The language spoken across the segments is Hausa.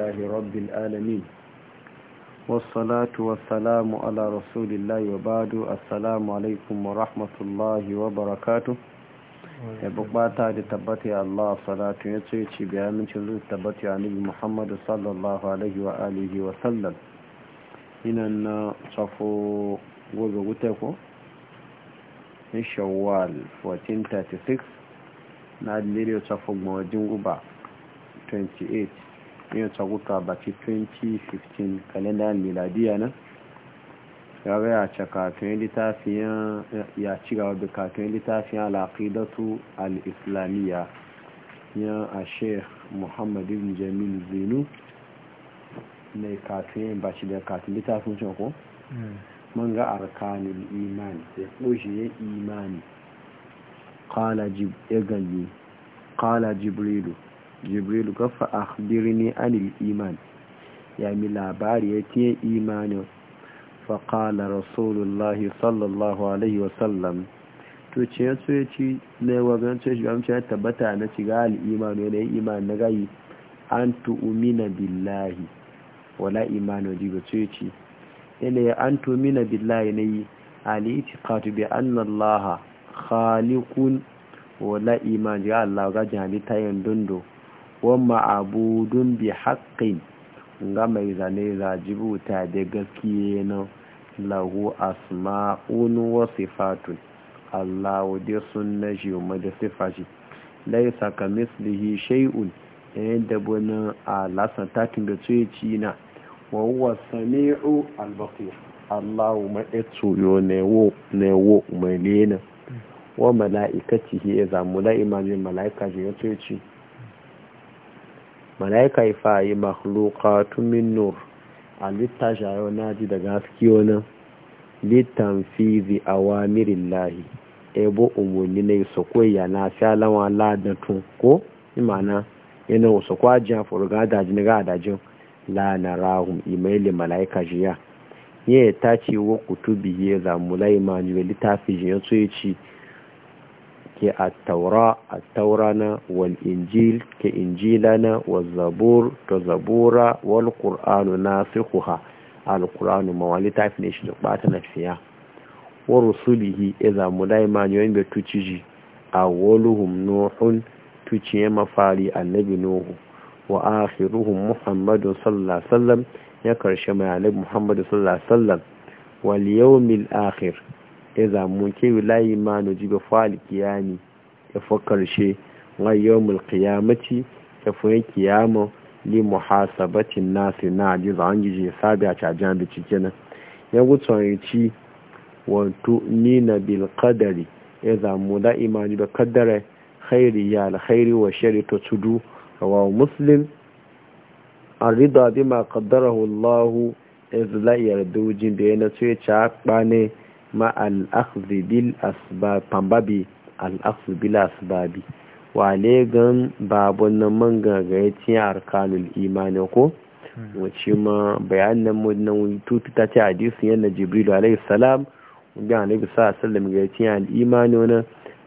لله رب العالمين والصلاة والسلام على رسول الله وبعد السلام عليكم ورحمة الله وبركاته bukata da tabbata ya Allah salatu ya ce ci biya amincin zuwa tabbata ya nabi Muhammadu sallallahu alaihi wa alihi wa sallam gobe wuta ko 1436 na adiliriyar safo guba 28 yin tsaguta baci 2015 kalendar miladiya nan ya ya ce kafin littafiyan ya ci gaba da kafin littafiyan al'aqidatu al'islamiyya ya a sheikh muhammad ibn jamil zinu mai ba baci da kafin littafin can ko man hmm. ga arkanin imani sai ƙoshe imani ƙala jibrilu jibril ga a akhbirni anil iman ya mi labari yake imanin fa qala rasulullahi sallallahu alaihi wa sallam to ce ya so ya ci ne wagan ce shi gamce ya tabbata na shiga al'iman al iman iman na gayi an tu'mina billahi wala imanu jibo ce ci ne an tu'mina billahi na yi, ali itiqatu bi anna allaha khaliqun wala iman ji Allah ga jani tayin dundo wa ma'abudun bi haƙƙin ga mai zane zajibuta da gaskiye na lahu asma'un wa sifatun Allah wadda sun na shi da sifa shi laisa ka mislihi shay'un yayin eh, da a lasa takin da tsoye cina wa huwa sami'u al-basir Allah ma etsuyo ne wo ne wo mai lena wa mala'ikatihi ya zamu la'ima min mala'ika shi ya tsoye malaika ifa yi makhluqatu min nur alitta shayo ji daga haske wani litan fi zi awamirin lahi ebo umarni na yusa koya na shalawa ladatun ko imana yana wasu kwajiya furuga dajin ga dajin la na rahun imaili malaika jiya ya ta ce wa kutubi ya zamulai manuwa littafi jiya so ya ci ke attaura attaura na wal injil ke injila na wal zabur to zabura wal qur'anu nasikhuha al qur'anu mawali ta fi shi ba ta wa rusulihi idza ma ne wanda tuciji awwaluhum nuhun tuciye mafari annabi nuhu wa akhiruhum muhammadun sallallahu alaihi wasallam ya karshe mai annabi muhammadu sallallahu alaihi wasallam wal yawmil akhir ya zamu kewi layi ma na jibe fali kiyami ya fa karshe wa yawmul qiyamati ya fa kiyamo li muhasabatin nasi na ji zan gije sabi a cajan da cike nan ya gutsan ci wato ni na bil qadari ya zamu da imani da kaddara khairi ya alkhairi wa shari to tudu wa muslim الرضا بما قدره الله إذ لا ya ci a أقباني ma al'akhzi bil asbab pambabi al'akhzi bil asbabi wale gan babon nan man gagaye cin arkanul imani ko wace ma bayanan mu nan tutu ta ce hadisi yana jibril alayhi salam wanda annabi sa sallam ga cin al'imani wani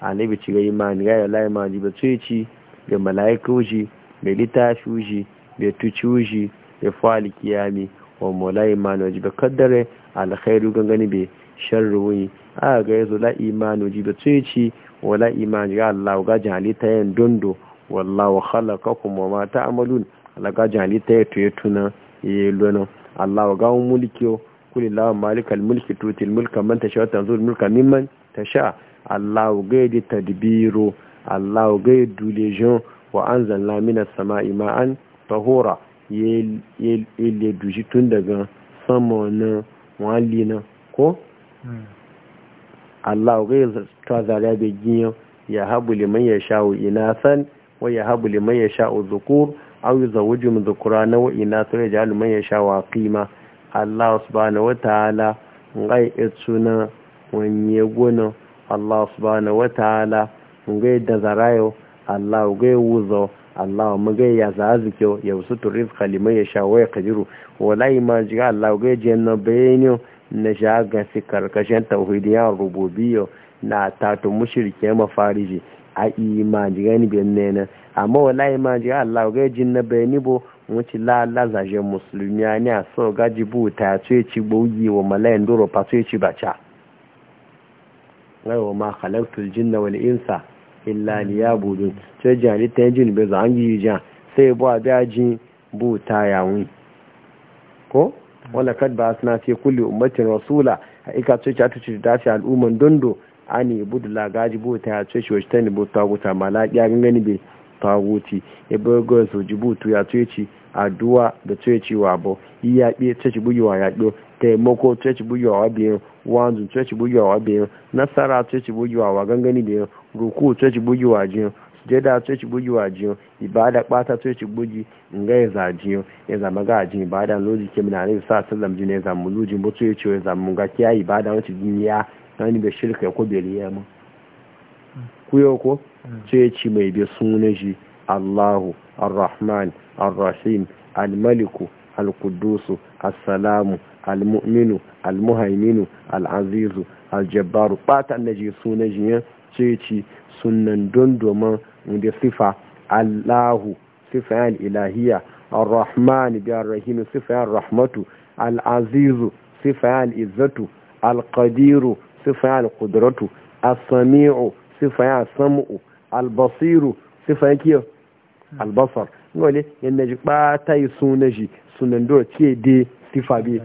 annabi ci ga imani ga la imani ba ce ci ga malaiku ji ga litafi ji ga tuci ji ga fali kiyami wa ma imani wajibi kaddare alkhairu gangani be sharruwi a ga yazo la imanu ji da tsoyici wala imanu ga Allah ga ta yan dondo wallahu khalaqakum wa ma ta'malun Allah ga jalita ya tuna ya lona Allah ga mulkiyo kulli lahu malikal mulki tutil mulka man tasha tanzul mulka mimman tasha Allah ga di tadbiru Allah ga du lejon wa anzalna minas sama'i ma'an tahura ye ye du tun daga sama na ko Allah ga ta zariya bai giyo ya habu liman ya sha'u san wa ya habu liman ya sha'u zukur aw zukura na wa sai ya ja'alu man ya sha'u aqima Allah subhanahu wata ta'ala ngai etsuna wanye gona Allah subhanahu wa ta'ala ngai da zarayo Allah ngai wuzo Allah mu ga ya zazike ya usutu rizqa liman ya sha'u wa yaqdiru wallahi ma jiga Allah ngai jenna bayinyo na shagan su karkashin tauhidiyar rububiyo na tatu mushirke mafariji a imanji gani benne nena amma wala imanji Allah ga jin na bayani bo wuce la la zaje musulmi ne a so gaji bu ta ce ci bogi wa malayan duro fa ce ci bacha wa ma khalaqtul jinna wal insa illa liyabudun ce jani ta jin be zangi jan sai bo abi bu ta yawun ko wala kad ba suna fi kulli ummatin rasula haika ce ta tuci da shi al'umman dondo ani budu la gaji bo ta ce shi wata ne ni bo ta guta mala ya gangani be taguti ya bugo su jibutu ya ce ci addu'a da ce ci wa bo iya bi ce ci buyo ya do taimako ce ci buyo wa biyo wanzu ce ci buyo wa biyo nasara ce ci buyo wa gangani biyo ruku ce ci buyo wa jeda to ci bugi wa jiyo ibada kwata to ci bugi nga ya e za jiyo ya e za maga ji ibada loji ke mina ne sa sallam ji ne za mu loji mu to ci ya za mu ga kiya ibada wacce duniya ni be shirka e ko be riya mu kuyo ko ce ci mai be sunan shi Allahu ar arrahim almaliku rahim Al-Maliku Al-Quddus As-Salamu Al-Mu'minu al al al ji sunan shi ce sunan don domin da sifa allahu sifa yan ilahiya arrahman biyar rahimu sifa yan rahmatu al'azizu sifa yan izzatu alkadiru sifa yan kudratu asami'u sifa yan samu albasiru sifa yan al albasar wani yana ji bata yi sunan shi ce de sifa biyu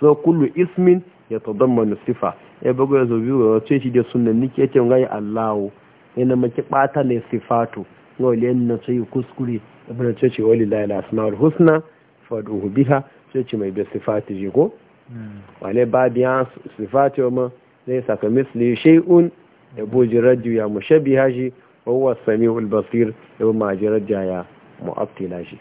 so kullu ismin ya tadammanu sifa ya bago ya zobi wa ce shi da sunan nike ce ngai Allahu ina maki bata ne sifatu ngo liyan na ce kuskure ibn ce ce wali la ilaha husna fad'uhu biha ce ce mai da sifati ji ko hmm. wale ba biya sifati ma zai saka misli shay'un ya boji radiyu ya shi wa huwa samiul basir ya ma ji radiya ya mu'attila shi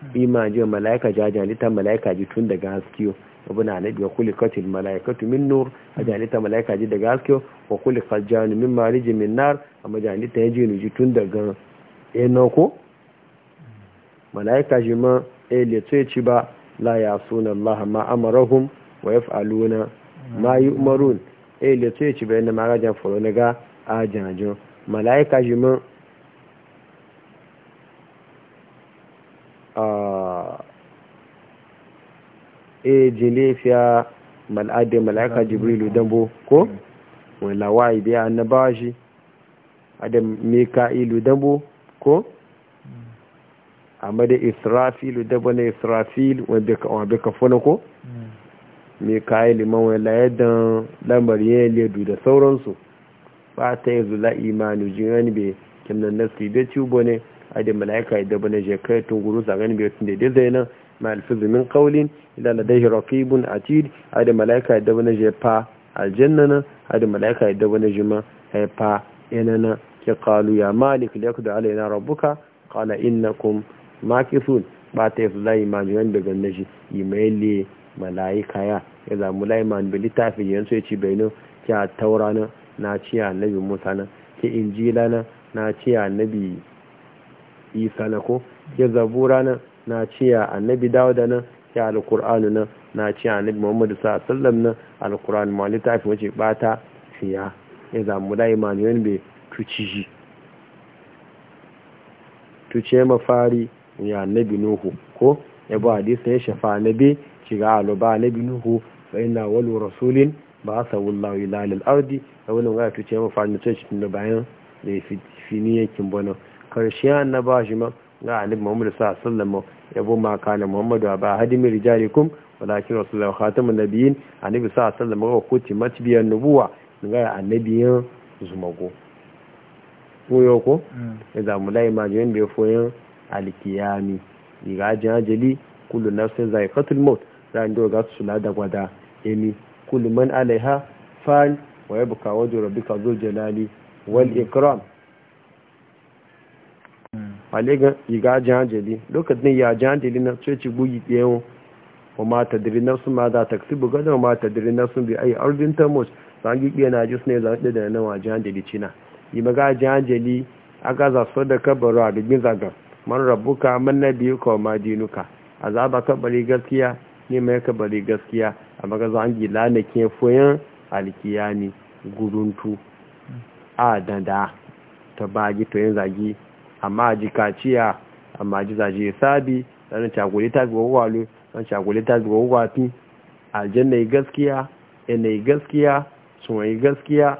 hmm. ima ji malaika jajan ta malaika ji tun daga haskiyo ibn anabi khuliqatil malaikatu min nur ajalita malaika ji daga haske wa khuliqal jannu min marijin min nar amma jalita yaji ni tun daga eno ko malaika ji ma ele eh, ci ba la yasuna allah ma amarahum wa yaf'aluna ma yu'marun ele eh, ci ba na magajan foro na ga ajanjo malaika ji ma e jelefiya mal'adin mala'ika jibrilu dambo ko wala wa'i biya annabawa shi adam mika'ilu dambo ko amma da israfilu dambo na israfil wanda ka fona ko mika'ilu man wala yadda lambar yin ledu da sauransu ba ta yi zula imanu jin bai kimnan nasu ibe tubo ne adam mala'ika idan na jekai tun guru sa gani bai tun daidai zai nan ma alfizu min qawlin illa ladayhi raqibun atid ada malaika da wani je fa aljanna na ada malaika da wani jima ya fa yanana ke qalu ya malik liyaqdi alaina rabbuka qala innakum makithun ba ta yafi layi ma jiran daga nashi imaili malaika ya ya zamu layi ma bi littafi yan so yace bainu ya taura na na ci annabi musa na ke na na ci annabi isa na ko ke zabura rana. na ciya annabi dawuda nan ya alkur'anu nan na ciya annabi muhammadu sa sallam nan alkur'anu ma littafi wace bata fiya ya mu da imaniyon bai tuci shi tuci ya mafari ya annabi nuhu ko ya ba hadisa ya shafa annabi shiga ba annabi nuhu fa ina walu rasulin ba sa sabu ila lil ardi da wani ga ya mafari na ce shi bayan da fini yankin bana na annabawa shi ma na annabi Muhammad sallallahu alaihi wasallam yabo ma kana Muhammadu ba hadimi rijalikum walakin rasulullahi khatamun nabiyyin annabi sallallahu alaihi wasallam ko kuti matbiyan nubuwa ga annabiyin zumago koyo ko mm. da mu lai ma jin da foyin alkiyami diga jajali kullu nafsin zaiqatul maut da ndo ga su da gwada eni kullu man alaiha fan wa yabqa wajhu rabbika dhul jalali wal mm. ikram maligan iga jihanjali lokacin ya jihanjali na sai ci gugi ɗaya wa ma ta diri na sun ma za ta kasi bugadar ma diri na sun bi ayi arzin tamus zan gi ɗaya na jis ne ɗaya da nan wa jihanjali cina yi maga jihanjali aka za so da kabaru a dubin zaga man rabuka man na biyu ka ma dinuka azaba kabari gaskiya ne mai kabari gaskiya a maga zan gi ke foyan alkiyani guruntu a danda ta bagi to yin zagi amma ji kaciya amma ji zaje sabi dan cakule ta go gwalo dan cakule ta go aljanna yi gaskiya ina yi gaskiya sun yi gaskiya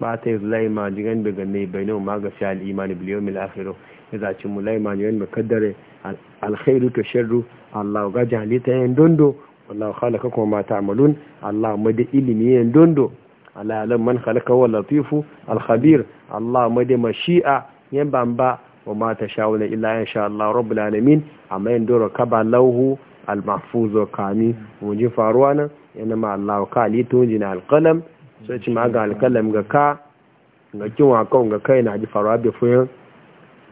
ba ta yi laima jiran daga ne bainu ma ga fi al'imani biliyon mil afiru ya ci mu laima jiran da kaddare alkhairu to sharru allah ga jahalita yin dondo wallahu khalaka kuma ma ta'malun allah ma da ilimi yin dondo ala alam man khalaka wa latifu alkhabir allah ma da mashi'a yan bamba wa ma ta sha'ula illa in sha Allah rabbul alamin amma in dora kaba lauhu al mahfuzo kami mun faruwa nan yana ma Allah ka ali to jina al so ci ma ga ga ka ga kinwa kan ga kai na ji faruwa bai fuyin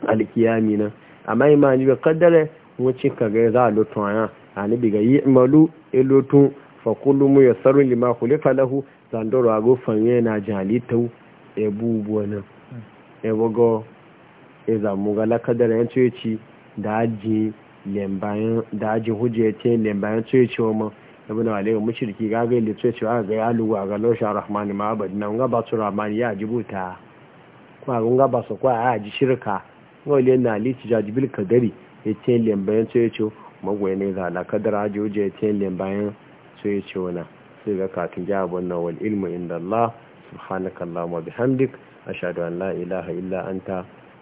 al kiyami nan amma ma ji kaddare mu ka ga za lutun aya bi ga yi malu ilutun e fa kullu mu yasaru na jalita ebu buwana ebogo sai za mu ga lakadar yan tsoyaci da aji lembayan da aji hujja ce lembayan tsoyaci wa mu ibn alayhi mushriki ga ga le tsoyaci wa ga ya luwa ga lo sha rahmani ma abad nan ga ba su rahmani ya jibuta kuma ga ga ba su kwa ya ji shirka wale na li bil kadari ya ce lembayan tsoyaci magwai ne za lakadar aji hujje ya ce lembayan tsoyaci wa na sai ga katin jawabin na wal ilmu inda Allah subhanakallahumma bihamdik ashhadu an la ilaha illa anta